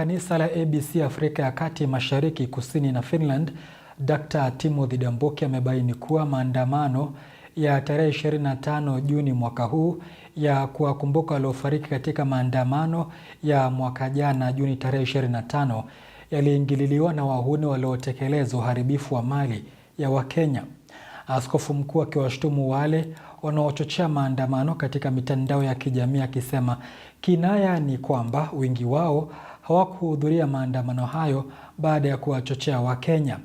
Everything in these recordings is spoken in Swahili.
Kanisa la ABC Afrika ya Kati, Mashariki, Kusini na Finland, Dr. Timothy Damboki amebaini kuwa maandamano ya tarehe 25 Juni mwaka huu ya kuwakumbuka waliofariki katika maandamano ya mwaka jana Juni tarehe 25 yaliingililiwa na wahuni waliotekeleza uharibifu wa mali ya Wakenya. Askofu mkuu akiwashutumu wale wanaochochea maandamano katika mitandao ya kijamii akisema kinaya ni kwamba wengi wao hawakuhudhuria maandamano hayo baada ya kuwachochea Wakenya.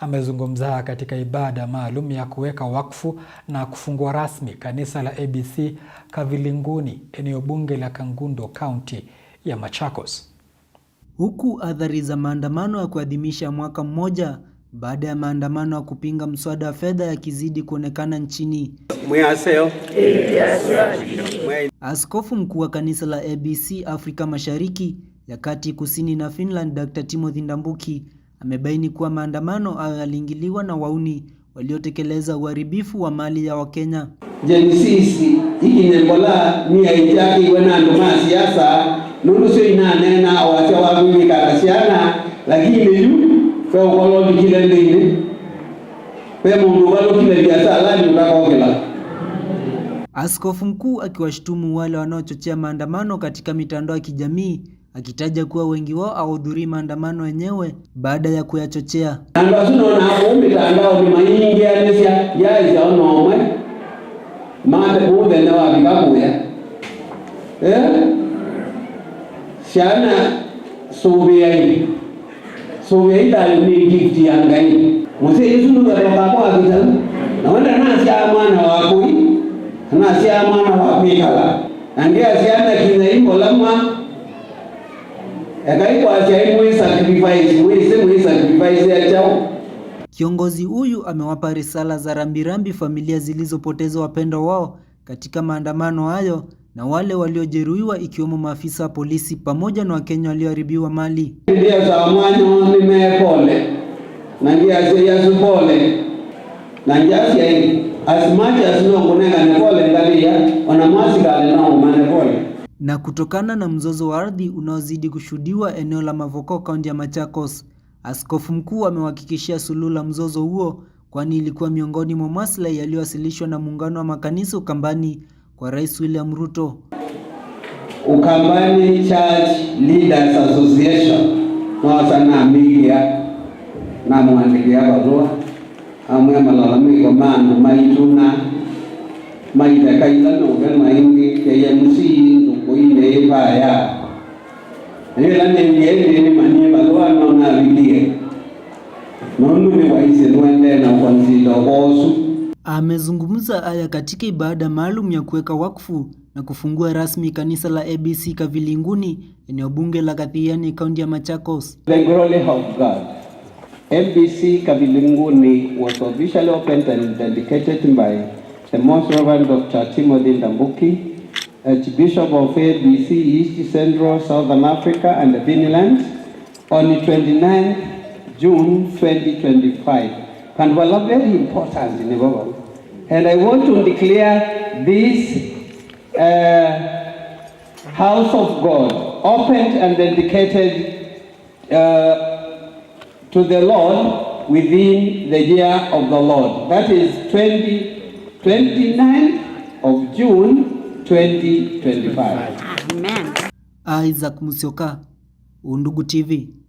Amezungumza katika ibada maalum ya kuweka wakfu na kufungua rasmi kanisa la ABC Kavilinguni, eneo bunge la Kangundo, kaunti ya Machakos, huku athari za maandamano ya kuadhimisha mwaka mmoja baada ya maandamano ya kupinga mswada wa fedha yakizidi kuonekana nchini. Askofu mkuu wa kanisa la ABC Afrika Mashariki ya Kati Kusini na Finland Dr. Timothy Ndambuki amebaini kuwa maandamano hayo yaliingiliwa na wauni waliotekeleza uharibifu wa mali ya Wakenya. jenisisi ikinyekola miaichaki wenanduma siasa nundu inanena awasya wakunyikana syana lakini yu feukolondikile nthini we mundu uvalukile biasalani ukakokela Askofu mkuu akiwashutumu wale wanaochochea maandamano katika mitandao ya kijamii akitaja kuwa wengi wao hawahudhurii maandamano yenyewe baada ya kuyachochea. angasunoona umbitangawo ndimaingianisya yaisyaonomwe mate ya mwana wakui nasya mwana wapikala sacrifice, sacrifice Kiongozi huyu amewapa risala za rambirambi familia zilizopoteza wapendo wao katika maandamano hayo na wale waliojeruhiwa ikiwemo maafisa wa polisi pamoja na Wakenya walioharibiwa mali. Ndio za mwanyo Na ndio Na ndio as much as no na kutokana na mzozo wa ardhi unaozidi kushuhudiwa eneo la Mavoko kaunti ya Machakos. Askofu mkuu amewahakikishia suluhu la mzozo huo kwani ilikuwa miongoni mwa maslahi yaliyowasilishwa na muungano wa makanisa Ukambani kwa Rais William Ruto. Ukambani Church Leaders Association mwasanaamigia namwandikia barua amwe malalamiko manu maituna maitakaitanoge maingi KMC uyineipaya ila nengeni manie balwano navilie nonune waise lwende na kosu Amezungumza haya katika ibada maalum ya kuweka wakfu na kufungua rasmi kanisa la ABC Kavilinguni, eneo bunge la Kathiani, kaunti ya Machakos. The glory of God. ABC Kavilinguni was officially opened and dedicated by the Most Reverend Dr. Timothy Ndambuki Archbishop of ABC East Central Southern Africa and the Benelands on 29th June 2025. And were very important in the world. And I want to declare this uh, house of God opened and dedicated uh, to the Lord within the year of the Lord. That is 20, 29th of June 2025. Amen. Isaac Musioka, Undugu TV.